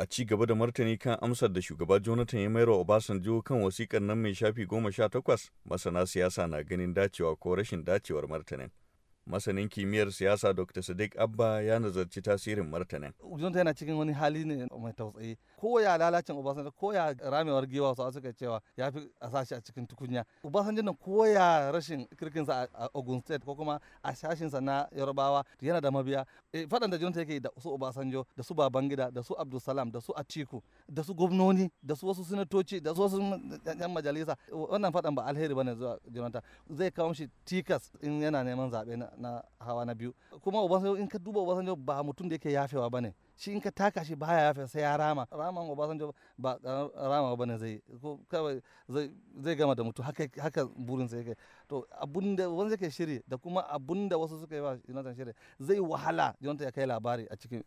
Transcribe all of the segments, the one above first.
a ci gaba da martani kan amsar da shugaba Jonathan ya mayar wa Obasanjo kan wasikar nan mai shafi goma sha takwas masana siyasa na ganin dacewa ko rashin dacewar martanin. masanin kimiyyar siyasa dr sadiq abba ya nazarci tasirin martanin jonta yana cikin wani hali ne mai tausayi ko ya lalacin obasanjo ko ya ramewar giwa su suka cewa ya fi a sashi a cikin tukunya obasanjo na ko ya rashin kirkinsa a ogun state ko kuma a sashinsa na yarbawa yana da mabiya eh, faɗan da jonta yake da su obasanjo da su babangida da su abdulsalam da su atiku da su gwamnoni da su wasu sinatoci da su wasu yan majalisa wannan faɗan ba alheri bane zuwa jonta zai kawo shi tikas in yana neman zaɓe na na hawa na biyu kuma obasanjo in ka duba obasanjo ba mutum da yake yafewa ba ne shi in ka taka shi baya yafe sai ya rama raman obasanjo ba rama ba ne zai ko kawai zai gama da mutu haka haka burin sai kai to abunda wanda yake shiri da kuma abunda wasu suka yi wa Jonathan shiri zai wahala Jonathan ya kai labari a cikin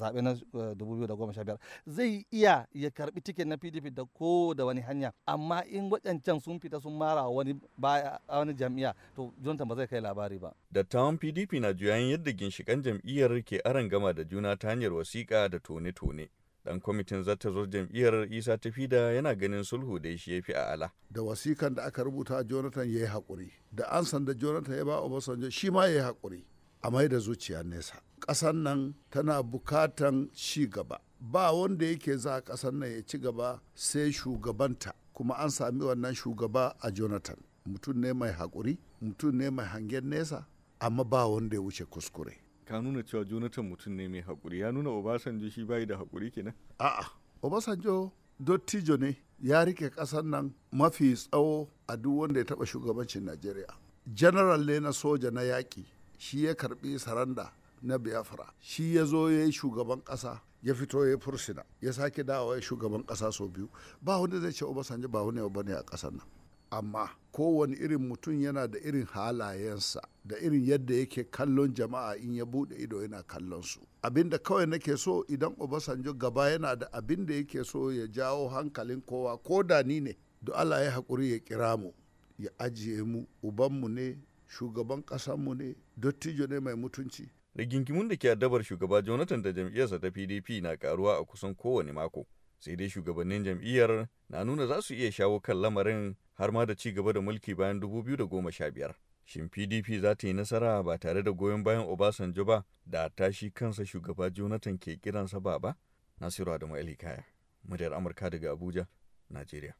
zaɓe na 2015 eh, zai iya ya karbi tiket na PDP da ko da wani hanya amma in waɗancan sun fita sun mara wani baya wani jam'iyya to Jonathan ba zai kai labari ba Da tawon PDP na juyan yadda ginshikan jam'iyyar ke aran gama da juna ta hanyar hanyar wasiƙa da tone-tone. dan kwamitin zartazar jam'iyyar isa tafida yana ganin sulhu da shi ya fi ala. da wasikan da aka rubuta jonathan ya yi haƙuri da an sanda jonathan ya ba obasanjo shi ma ya yi haƙuri a mai da zuciya nesa ƙasan nan tana bukatan ci gaba ba wanda yake za a ƙasan nan ya ci gaba sai shugabanta kuma an sami wannan shugaba a jonathan mutum ne mai haƙuri mutum ne mai hangen nesa amma ba wanda ya wuce kuskure ka nuna cewa jonathan mutum ne mai haƙuri ya nuna obasanjo shi bayi da haƙuri kenan a'a obasanjo dottijo ne ya rike ƙasar nan mafi tsawo a duk wanda ya taɓa shugabancin najeriya general ne na soja na yaƙi shi ya karɓi saranda na biafra shi ya zo ya yi shugaban ƙasa ya fito ya fursina ya sake dawo ya shugaban ƙasa sau biyu ba wanda zai ce obasanjo ba wani ba ne a ƙasar nan amma kowane irin mutum yana da irin halayensa da irin yadda yake kallon jama'a in ya bude ido yana kallon su abinda kawai nake so idan obasanjo gaba yana da abin da yake so ya jawo hankalin kowa ko da ni ne da allah ya haƙuri ya kira mu ya ajiye mu ubanmu ne shugaban ƙasanmu ne dottijo ne mai mutunci rigingimun da ke addabar shugaba jonathan da jam'iyyarsa ta pdp na karuwa a kusan kowane mako sai dai shugabannin jam'iyyar na nuna za su iya shawo kan lamarin har ma da ci gaba da mulki bayan 2015. Shin PDP za ta yi nasara ba tare da goyon bayan Obasanjo ba da tashi kansa shugaba Jonathan ke kiransa ba ba? Nasiru Adamu Elikaya, muryar Amurka daga Abuja, Najeriya.